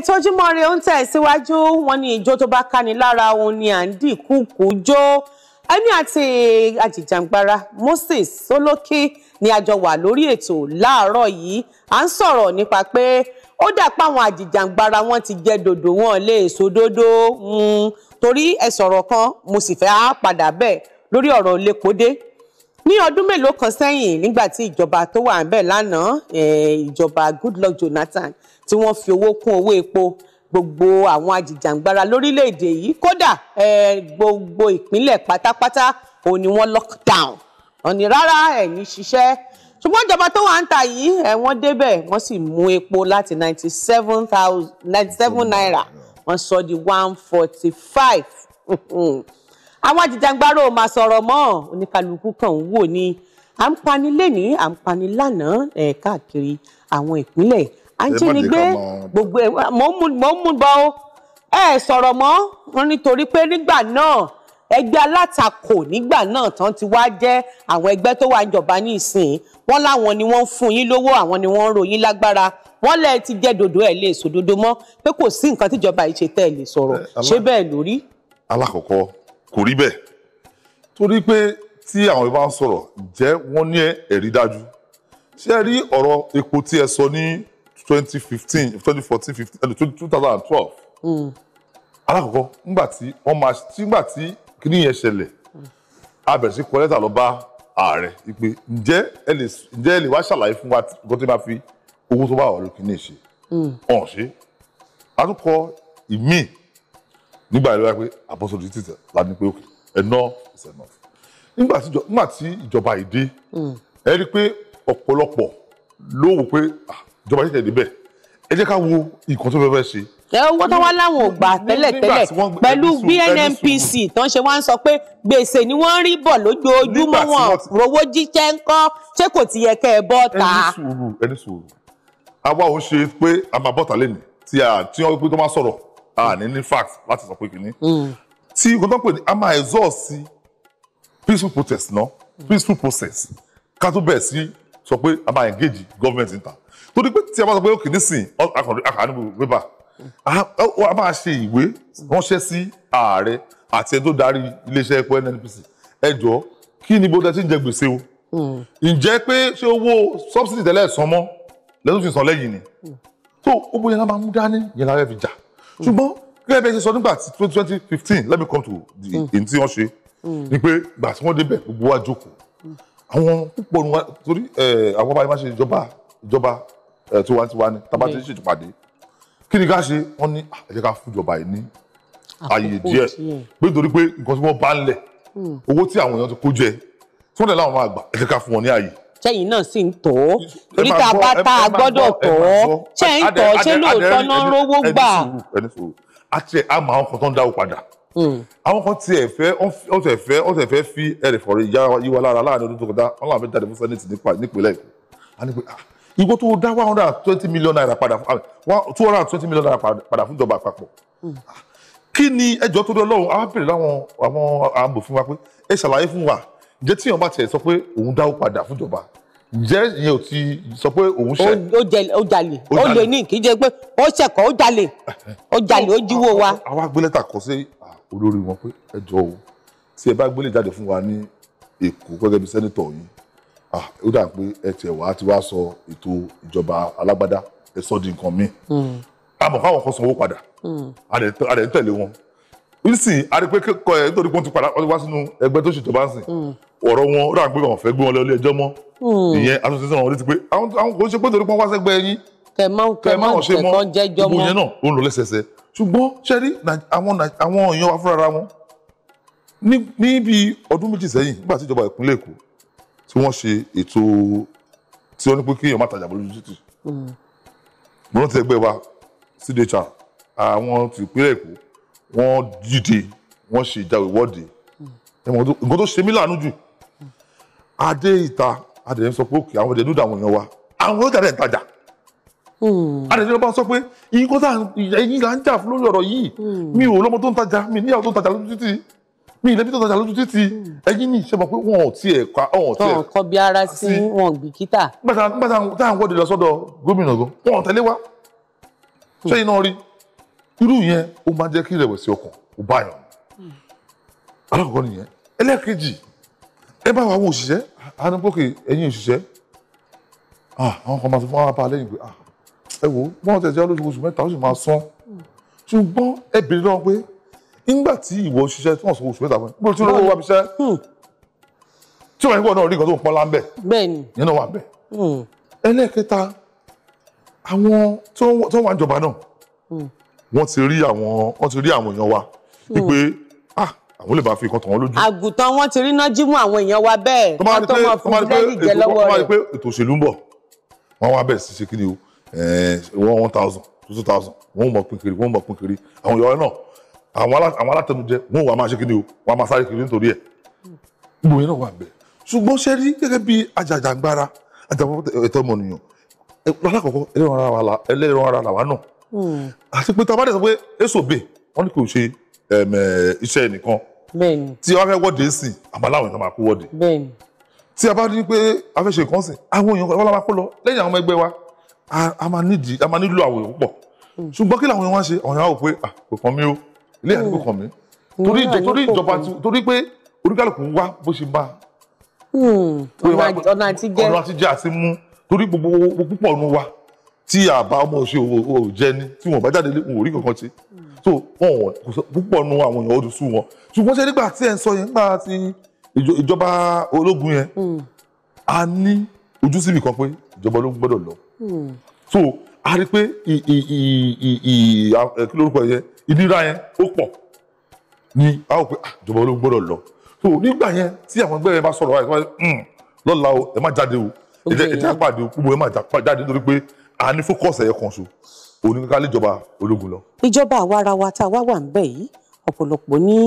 ètò Ojúmọ́ Ire ń tẹ̀síwájú wọn ní ìjó tó bá káni lára òun ni à ń dìkúkú jó ẹni àti àjìjàngbara Moses Solókí ni a jọ wà lórí ètò láàárọ̀ yìí à ń sọ̀rọ̀ nípa pé ó dà pé àwọn àjìjàngbara wọn ti jẹ dòdò wọn lè so dòdò hmm, torí ẹ sọ̀rọ̀ kan mo sì fẹ́ á padà bẹ́ẹ̀ lórí ọ̀rọ̀ lépodé ní ọdún mélòó kan sẹ́yìn nígbà tí ìjọba tó wà ńbẹ̀ lánàá ìjọba Goodluck Jonathan tí wọ́n fi owó kún owó epo gbogbo àwọn ajìjàǹgbara lórílẹ̀‐èdè yìí kódà gbogbo ìpínlẹ̀ pátápátá òun ni wọ́n lockdown ọ̀nì rárá ẹ̀yìn ṣiṣẹ́ ṣùgbọ́n ìjọba tó wà ń ta yìí ẹ̀wọ̀n débẹ̀ wọ́n sì mú epo láti ninety seven thousand ninety seven naira wọ́n sọ di one forty five àwọn àjìjàngbara ò máa sọ̀rọ̀ mọ́ oníkálukú kan ń wò ní à ń pani lẹ́ni à ń pani lánàá ẹ̀ káàkiri àwọn ìpínlẹ̀ à ń jínigbé gbogbo ẹ̀ mò ń mú bọ́ ọ ẹ sọ̀rọ̀ mọ́ wọn nítorí pé nígbà náà ẹgbẹ́ alátakò nígbà náà tán ti wá jẹ́ àwọn ẹgbẹ́ tó wà jọba ní ìsìn wọn láwọn ni wọ́n ń fún yín lówó àwọn ni wọ́n ń ro lágbára wọ́n lẹ ti jẹ́ dòdò ẹ̀ lè sòdodo mọ́ pé kò sí nǹkan tíjọba yìí ṣe tẹ́ ẹ lè sọ̀rọ̀ ṣé bẹ́ẹ̀ lórí. alákọ̀ọ́kọ́ kò rí bẹ́ẹ̀ torí pé tí àwọn ìbá ń sọ̀rọ̀ jẹ́ wọ́n ní ẹ̀rí dájú ṣé ẹ rí ọ̀rọ̀ epo tí ẹ sọ ní twenty fifteen twenty fourteen fifteen two thousand hmm. alákọ̀ọ́kọ́ nígbà tí wọ́n máa nígbà tí kíní yẹn ṣẹlẹ̀ a bẹ̀rẹ̀ sí kọ lẹ́tà lọ bá ààrẹ ìpè ǹjẹ́ ẹ lè ǹjẹ́ ẹ lè wá ṣàlàyé fún wa nǹkan tí máa fi owó tó bá wà lókè ní ìṣe ọ̀hún ṣe àtúkọ hmm. ìmíì nígbà yẹn ló wá pé àbọ̀sọ̀dù títẹ̀ la ní pé enough is enough nígbà tí ìjọba yìí dé hmm. ẹ rí i pé ọ̀pọ̀lọpọ̀ ló wò pé ah, ìjọba títẹ̀ débẹ̀ ẹ jẹ́ ká wo nǹkan tó fẹ́ fẹ́ ṣe owó tó wá láwọn ò gbà tẹ́lẹ̀tẹ́lẹ̀ pẹ̀lú BNNPC tó ń ṣe wá ń sọ pé gbèsè ni wọ́n ń rí bọ̀ lójoojúmọ́ wọn rówó jíjẹ́ ń kọ́ ṣé kò ti yẹ kẹ́ ẹ bọ́ ta. ẹni sùúrù ẹni sùúrù àwa ò ṣe pé a máa bọ́ta lẹ́nu tí wọ́n pé tó máa sọ̀rọ̀ a ní ní fact láti sọ pé kìíní. Hmm. tí nǹkan tó ń pè ní a máa exhaust sí peaceful protest náà peaceful process ká tó bẹ̀rẹ̀ sí sọ pé a máa engage government níta torí pé tí a bá sọ pé òkè nísìn akànnìbò wébà a máa ṣe ìwé ránṣẹ́ sí ààrẹ àti ẹni tó darí iléeṣẹ́ epo NNPC ẹ jọ̀ọ́ kí ni bóde ti ń jẹ gbèsè o hmm. ǹjẹ́ pé ṣé owó subsidy tẹ́lẹ̀ san mọ́ lẹ́tọ́ sì san lẹ́yìn ni tó hmm. owó yẹn la máa mú dání yẹn la fẹ́ fi jà Mm. ṣùgbọ́n gẹ́gẹ́ bẹ́ẹ̀ ṣe sọ nígbà tí twenty fifteen let me come to the mm. èyí tí wọ́n ṣe mm. ni pé gbà tí wọ́n débẹ̀ gbogbo wa jókòó àwọn púpọ̀ nu wa torí àwọn bá yẹn máa ṣe ìjọba ìjọba tiwantiwa ni tábà ti ṣètùpàdé kí ni ká ṣe wọ́n ní ẹ jẹ́ ká fúnjọba yìí ní ààyè díẹ̀ pé nítorí pé nǹkan tí wọ́n bá ń lẹ̀ owó tí àwọn èèyàn ti kó jẹ tí wọ́n dẹ̀ láwọn máa gbà ẹ ká fún wọn ní ààyè sẹ́yìn náà sì ń tọ́ torí tá a bá tá a gbọ́dọ̀ tọ́ ṣé ń tọ́ ṣé lóòótọ́ náà rówó gbà. àti ẹ̀ a máa ń kọ́ tó ń dáwó padà hmm. àwọn kan tiẹ̀ fẹ́ ọ̀sẹ̀ fẹ́ ọ̀sẹ̀ fẹ́ fi ẹ̀rẹ̀ fọ̀rẹ̀ ìyá yíwa lára láàrin ọdún tó kọjá wọn làwọn fẹ́ jáde fún sẹ́nẹ̀tì nípínlẹ̀ Èkó a ní pé ah, ìwọ tó dá one hundred and twenty million naira padà two hundred and twenty million naira padà fún ìjọba àpapọ̀ hmm. ah, kí ni ẹjọ́ tó dé ọlọ́run àwọn bèrè láwọn àwọn àmọ̀fin wa pé ẹ ṣàlàyé fún wa jẹ́ tí èèyàn bá tiẹ̀ sọ pé òun dáwó padà fúnjọba ǹjẹ́ ìyẹn ò ti sọ pé òun ṣe. ó jalè ó jalè ó lè ní kì í jẹ pé ó ṣẹ̀kọ́ ó jalè ó jalè ó jíwó wa. àwa gbé lẹ́tà kọ sí olórí wọn pé ẹ jọ o tí ẹ bá gbélé jáde fún wa ní èkó gẹ́gẹ́ bí sẹ́nitọ̀ yìí ó dà pé ẹ tiẹ̀ wá ti wá sọ ètò ìjọba alágbádá ẹ sọ di nǹkan míì. àmọ́ fáwọn kan sanwó padà hmm. a dẹ̀ tẹ̀lé wọn nísìn arípé kọ ẹ nítorí wọn ti padà wá sínú ẹgbẹ́ tó ṣèjọba sìn ọ̀rọ̀ wọn ó dàgbé wọn fẹ́ gbé wọn lọ ilé ẹjọ́ mọ́ hmm. ìyẹn asosiyesi wọn létí pé àwọn kò ṣe pé torí pé wọn wá sẹ́gbẹ́ yín kẹ má wọn ṣe mọ ibo yẹn náà ó ń lọ lẹ́sẹsẹ ṣùgbọ́n ṣẹ́rí àwọn èèyàn wa fúnra wọn níbi ọdún méjì sẹ́yìn nígbà tí ìjọba ìpínlẹ̀ Èkó tí wọ́n ṣe ètò tí wọ́n ní pé kéèyàn má tajà bọ́ lójú títì hmm. mo rántí ẹgbẹ́ wa cdhr àwọn tìpínlẹ̀ Èkó wọ́n dìde wọ́n ṣe ìjà ìwọ́de nǹkan tó ṣe mí láàánú jù adé ìta adé ń sọ pé òkè àwọn ìdẹ́dúdà àwọn èèyàn wa àwọn ọjà rẹ̀ ń tajà hmm. adẹ̀jọ́ bá sọ pé ikú tá ẹ̀yìn là ń jà fún lórí ọ̀rọ̀ yìí hmm. mi ò lọ́mọ tó ń tajà mi níyàwó tó ń tajà lójú títì mi ìlẹ́bí tó ń tajà lójú títì hmm. ẹ̀yìn ní ìṣẹ́ mọ̀ pé wọn ò tiẹ̀ ká wọn ò tiẹ̀. tọ̀ kọ́ bí ara sí wọn gbìkítà. nígbà tá à ń wọ́de lọ sọ́dọ̀ gómìnà gan wọn ò tẹ̀lé wa ṣé iná rí irú yẹn ó máa ń jẹ́ kí ìrẹ̀wẹ̀sì ọkàn ó bá yàn alákọ̀ọ́kọ́ nìyẹn ẹlẹ́ẹ̀kejì ẹ bá àwọn òṣìṣẹ́ àánúpọ̀kè ẹ̀yìn òṣìṣẹ́ àwọn kan máa sọ fún wọn apá lẹ́yìn pé ẹ wò wọ́n tẹ̀ jẹ́ olóṣooṣù mẹ́ta ó sì máa san ṣùgbọ́n ẹ bèrè lọ́wọ́ pé nígbà tí ìwọ òṣìṣẹ́ tí wọ́n sọ oṣù mẹ́ta fún ẹ bó ti wá mi ṣẹ́ tí wọ́n yẹn kọ́ náà rí nǹkan tó ń pọ́n láńbẹ̀ yẹn náà wà bẹ̀ hmm. ẹlẹ́ẹ̀kẹta àwọn tó wà níjọba náà hmm wọ́n ti rí àwọn wọ́n ti rí àwọn èèyàn wa wípé ah àwọn lè bá fi nǹkan tàn wọ́n lójú. àgùntàn wọn ti rí náà jímú àwọn èèyàn wa bẹ́ẹ̀ wọ́n tó mọ fún búrẹ́dì jẹ lọ́wọ́ rẹ̀. wọ́n máa rí pé ètò òṣèlú ń bọ̀ wọ́n wá bẹ̀rẹ̀ sí ṣe kí ni o eh, one one thousand two thousand wọ́n mọ̀ pín kiri wọ́n mọ̀ pín kiri àwọn èèyàn náà àwọn alátẹnujẹ wọ́n wà máa ṣe kí ni o wọ́n máa sáré kiri nítorí ẹ̀ gbogbo yẹn náà wà bẹ́ẹ̀ ṣùgbọ́n ṣe rí gẹ́gẹ́ bí ajàjàgbara ajàpọ̀ ẹ̀tọ́ ọmọnìyàn alákọ̀ọ́kọ́ ẹlẹ́ran ara làwa náà Hmm. àti pé tá a bá dẹ̀ sọ pé èso bè wọ́n ní kò ṣe iṣẹ́ ẹnìkan tí a fẹ́ wọ́de ń sìn àmọ́ láwọn èèyàn máa kó wọ́de tí a bá ní pé a fẹ́ ṣe nǹkan sìn àwọn èèyàn wọn la máa kó lọ lẹ́yìn àwọn ọmọ ẹgbẹ́ wa a máa nílò àwọn èèyàn púpọ̀ hmm. ṣùgbọ́n kí làwọn èèyàn wá ṣe àwọn èèyàn wò pé kò kàn mí o ilé àdúgbò hmm. kàn mí torí ìjọba torí pé oníkálùkù ń wá bó ṣe bá ọ̀nà àtijẹ́ àti mú torí gbogbo púpọ̀ nu wa tí àbá ọmọ ṣe ò jẹ ni tí wọn bá jáde lé wọn ò rí kankan ṣe so wọn kò sọ púpọ̀ nu àwọn èèyàn ọdún sùn wọn ṣùgbọ́n ṣe nígbà tí ẹ̀ ń sọ yẹn nígbà tí ìjọba ológun yẹn hmm. a ní ojú síbi kan pé ìjọba ológun gbọ́dọ̀ lọ hmm. so a rí pé kí lórúkọ yẹn ìnira yẹn ó pọ̀ ni a ó pé ah, ìjọba ológun gbọ́dọ̀ lọ so nígbà yẹn tí àwọn ẹgbẹ́ yẹn bá sọ̀rọ̀ wáyé hmm, lọ́la o ẹ má jáde o ẹ jẹ́ ẹ jẹ́ àpàdé o kúbo ẹ má jáde nítorí pé a ní fókọ̀sì ẹ̀yọ kan ṣo oníkálí ìjọba ológun lọ. ìjọba àwarawa tá a wá wà ń bẹ̀ yìí ọ̀pọ̀lọpọ̀ ní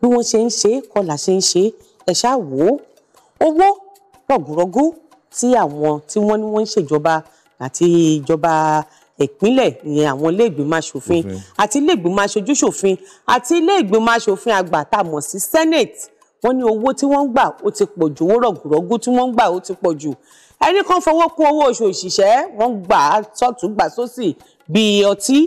bí wọ́n ṣe ń ṣe é kọlà ṣe ń ṣe é ẹ̀ṣá wò ó owó rọ̀gùrọ̀gù tí àwọn tí wọ́n ní wọ́n ń ṣèjọba àti ìjọba ìpínlẹ̀ ìyẹn àwọn ilé asòfin àti ilé ìgbìmọ̀ aṣojú àti ilé asòfin àgbà tá a mọ̀ sí senate wọ́n ní owó tí wọ́n ń gbà ó ti pọ̀ jù owó rọ̀gùrọ̀gù tí wọ́n ń gbà ó ti pọ̀ jù ẹni kan fọwọ́ kún owó oṣù òṣìṣẹ́ wọ́n gbà á sọ́tún gbà sósì bíi ọtí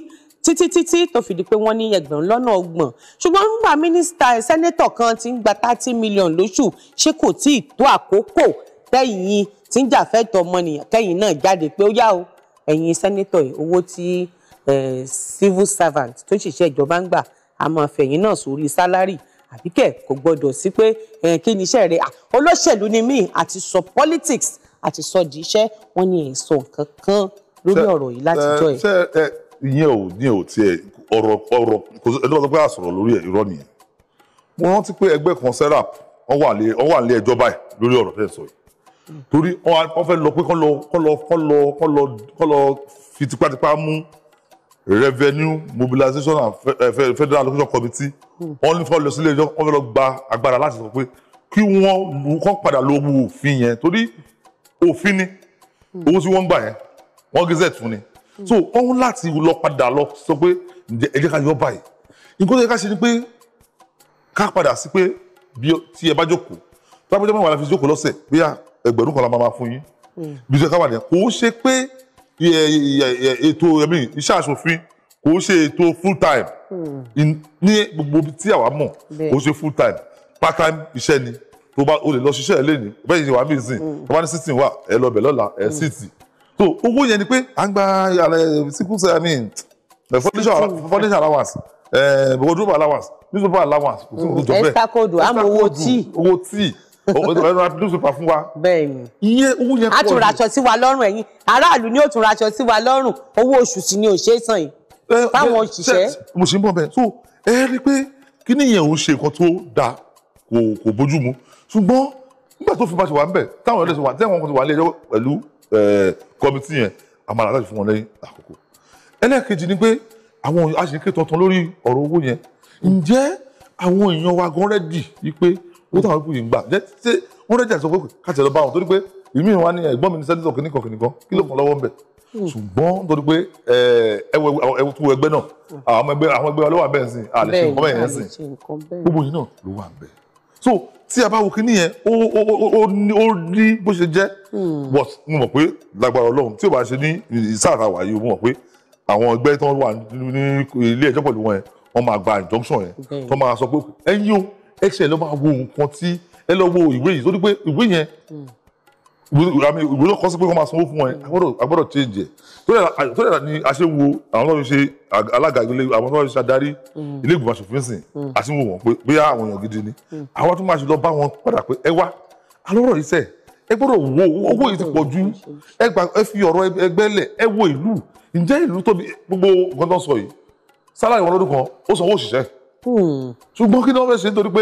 títí títí tó fi di pé wọ́n ní ẹgbẹ̀rún lọ́nà ọgbọ̀n ṣùgbọ́n nígbà mínísítà sẹ́nẹ́tọ̀ kan ti ń gba thirty million lóṣù ṣé kò tí ì tó àkókò tẹ́yìn tí ń jàfẹ́tọ̀ ọmọnìyàn kẹ́yìn náà jáde pé ó yá o ẹ̀yin sẹ́nẹ́tọ̀ owó tí civil servant tó ń ṣiṣẹ́ ìjọba ń gbà á máa fẹ̀yìn náà sórí sálárì àbíkẹ́ kò gbọ́dọ̀ sí pé kí ni iṣẹ́ rẹ̀ olóṣèlú ni mí àti sọ politics àti sọ di iṣẹ́ wọ́n ní ẹ̀ sọ nǹkan kan lórí ọ̀rọ̀ yìí látijọ́ ẹ̀. ṣe ẹ ìyẹn ò ní ò tiẹ̀ ọ̀rọ̀ ọ̀rọ̀ kò sí ẹni tó sọ pé àsọ̀rọ̀ lórí ẹ̀ irọ́ nìyẹn mo rántí pé ẹgbẹ́ kan serap wọ́n wà nílé ẹjọ́ báyìí lórí ọ̀rọ̀ tẹ́ yìí torí wọ́n fẹ́ lọ pé kọ́ lọ kọ́ lọ kọ́ lọ kọ́ lọ fi tipátipá mú revenue mobilization and eh, federal allocation committee hmm. wọ́n ní fọ́ọ̀lù lọ sílé ẹjọ́ wọ́n fẹ́ lọ gba agbára láti sọ pé kí wọ́n kọ́ padà lọ òfin yẹn torí òfin ni owó tí wọ́n ń gbà yẹn wọ́n gẹ́sẹ̀ tún ni so wọ́n ń láti lọ padà lọ sọ pé ẹ jẹ́ ká yọ báyìí nǹkan tó yẹ ká ṣe ni pé ká padà sí pé bí tí ẹ bá jókòó tó bá jẹ́ mẹ́wàá la fi jókòó lọ́sẹ̀ bí ẹgbẹ̀rún kan la máa fún yín bí ṣe ká wà nìyẹn kò ó ṣe pé ètò ẹ̀mí iṣẹ́ aṣòfin kò ó ṣe ètò full time hmm. ní gbogbo tí àwa mọ̀ kò ó ṣe full time part time iṣẹ́ ni tó bá o lè lọ ṣiṣẹ́ ẹ lẹ́ni bẹ́ẹ̀ ni wàá bí nsìn mm. tó bá ní sixteen wà ẹ lọ bẹ̀ lọ́la ẹ mm. sixty so owó yẹn ni pé à ń gba sickle cell i mean eh, foundation allowance eh, wardrobe allowance newspaper allowance kò sí mm, owó jọ bẹ́ẹ̀ extra code àmọ́ owó tíì owó tíì ẹnu abdul super fún wa. bẹ́ẹ̀ni iye owó yẹn pọ̀ ni. a tún raṣọ sí wa lọ́rùn ẹ̀yin aráàlú ni ó tún raṣọ sí wa lọ́rùn owó oṣù sí ni ò ṣe é san yìí eh, fáwọn òṣìṣẹ́. mo ṣe ń bọ̀ bẹ́ẹ̀ so ẹ rí i pé kí nìyẹn ò ń ṣùgbọ́n nígbà tó fi bá ṣe wà níbẹ̀ táwọn ọ̀dọ́ ṣe wà tẹ́wọ̀n kan ti wà ní ẹjọ́ pẹ̀lú kọ́mítì yẹn àmàlà láti fún wọn lẹ́yìn àkókò ẹlẹ́ẹ̀kejì ni pé àwọn aṣèké tuntun lórí ọ̀rọ̀ owó yẹn ǹjẹ́ àwọn èèyàn wa gan rẹ́dì yìí pé owó táwọn ìpò yìí ń gbà jẹ́ ṣé wọ́n rẹ́dì àti sọ pé káàtì wọn torí pé ìmí wa ni ẹ̀gbọ́n mi ní sẹ́dítọ̀ kìnnìkan kìnnìkan kí ló kàn lọ́wọ́ ń bẹ̀ hmm. ṣùgbọ́n torí pé ẹwọ tó ẹgbẹ́ náà àwọn ẹgbẹ́ so tí a bá wo kíní yẹn ó ó ó ó ní bó ṣe jẹ́ hmm. but mo mọ̀ pé lágbára ọlọ́run tí o bá ṣe ní ìsáàtà wàyí o mo mọ̀ pé àwọn ẹgbẹ́ tó wà ní ilé ẹjọ́ pẹ̀lú wọn yẹn wọ́n máa gba injunction yẹn tó máa sọ pé ẹ̀yin o ẹ̀ṣẹ̀ ló máa wo nǹkan tí ẹ lọ wo ìwé yìí tó pé ìwé yẹn hmm àmì ìgbésọ̀ kọ́ sí pé wọ́n máa sanwó fún ẹ agbọ́dọ̀ change ẹ̀ tó dẹ̀ ni a ṣe wo àwọn tó ń ṣe alága ilé àwọn tó ń ṣe adarí ilé ìgbìmọ̀ aṣòfin sìn àti wò wọ́n pé bóyá àwọn èèyàn gidi ni àwọn tó máa ṣe lọ bá wọn padà pé ẹ wá alọ́rọ̀ yìí sẹ̀ ẹ gbọ́dọ̀ wo owó yìí ti pọ̀ ju ẹ fi ọ̀rọ̀ ẹgbẹ́ lẹ̀ ẹ wo ìlú ǹjẹ́ ìlú tóbi gbogbo gbọ́dọ̀ sọ yìí sálárì wọn lọ́dún kan ó sanwó òṣìṣẹ́ hmm. ṣùgbọ́n kí ni wọ́n fẹ́ ṣe nítorí pé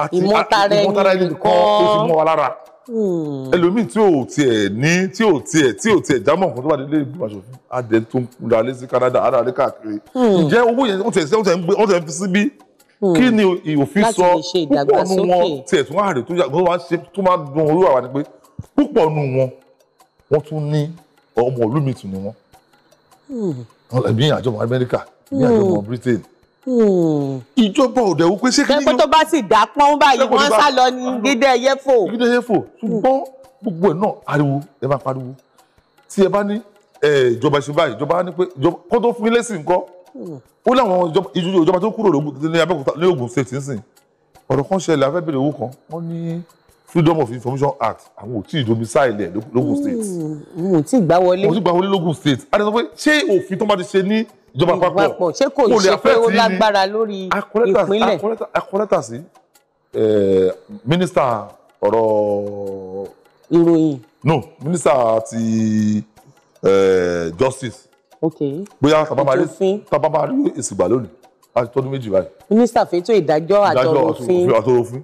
àti ìmọ̀tara ẹnì kan ó ti mọ́ wa lára Hmm. ẹlòmíì tí ò tiẹ̀ ní tí ò tiẹ̀ tí ò tiẹ̀ jámọ̀ nǹkan tó bá délé ìgbìmọ̀ aṣòfin adé tó ń dalé sí Canada adalé káàkiri hmm. ǹjẹ́ owó yẹn wọ́n tiẹ̀ sí wọ́n tiẹ̀ fi síbí hmm. kí ni òfin sọ púpọ̀ nu wọn tiẹ̀ tún àrè tó yàgò wá ṣe tó máa dun orí àwa ni pé púpọ̀ nu wọn wọ́n tún ní ọmọ olúmi tù ni wọ́n ẹ̀mí àjọmọ̀ Amẹ́ríkà ẹ̀mí àjọmọ̀ Britain ìjọba ò dẹ̀ wò pé ṣé kí ni. pẹ́pẹ́ tó bá sì dá pọ́n báyìí wọ́n sá lọ ní gídé ẹyẹ fò. gídé ẹyẹ fò ṣùgbọ́n gbogbo ẹ̀ náà ariwo ẹ bá pariwo tí ẹ bá ní ìjọba ṣe báyìí ìjọba ní pé kó tó fún mi lẹ́sìn nǹkan ó láwọn ìjọba tó kúrò ní Abẹ́òkúta ní Ògùn state nísìn ọ̀rọ̀ kan ṣẹlẹ̀ afẹ́ bèrè owó kan wọ́n ní freedom of information act àwọn ò tí ì domicile ẹ̀ lógùn state. wọn hmm, ò tí ì gbá wọlé. wọn ò tí ì gbá wọlé lógùn state. a lè sọ pé ṣé òfin tó bá ti ṣe ní ìjọba àpapọ̀ ṣé kò ṣe pé ó lágbára lórí ìpínlẹ̀. akọ́lẹ́tà sí mínísítà ọ̀rọ̀. ìròyìn. no mínísítà ti justice. ok bóyá tábàbà rí ìsìgbà lónìí láti tọ́dún méjì báyìí. mínísítà fẹ́tọ̀ ìdájọ́ àtọ̀rọ̀ òfin. ìdájọ́ àtọ̀rọ̀ òfin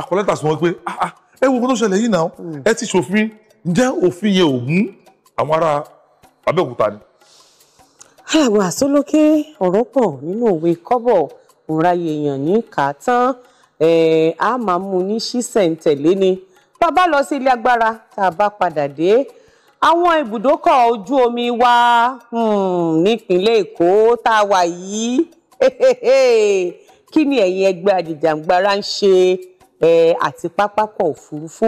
akọ́lẹ́tà sí wọn pé ah, ah, ẹ wo ohun tó ṣẹlẹ̀ yìí náà hmm. ẹ ti ṣòfin ǹjẹ́ òfin yẹn ò mú àwọn ará Abẹ́òkúta ni alàgbà àsólókè ọ̀rọ̀ pọ̀ nínú òwe kọ́bọ̀ òǹráyè èèyàn ní kàtán a máa mú ní ṣísẹ̀ntẹ̀lé ni bá a bá lọ sí ilé agbára tá a bá padà dé àwọn ibùdókọ̀ ojú omi wa hmm, nípínlẹ̀ Èkó tá a wà yìí kí ni ẹ̀yin ẹgbẹ́ ajìjàǹgbara ń ṣe àti pápákọ̀ òfurufú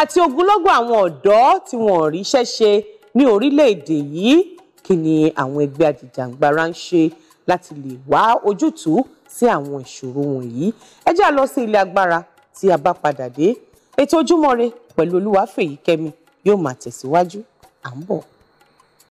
àti ogunlọ́gọ̀ àwọn ọ̀dọ́ tí wọn ò ríṣẹ́ ṣe ní orílẹ̀-èdè yìí kí ni àwọn ẹgbẹ́ ajìjàǹgbara ń ṣe láti lè wá ojútùú sí àwọn ìṣòro wọ̀nyí ẹ jẹ́ àlọ́ sí ilé agbára tí a bá padà dé ètò ojúmọ́ pẹ̀lú Olúwafẹ́yìkẹ́mi yóò máa tẹ̀síwájú à ń bọ̀.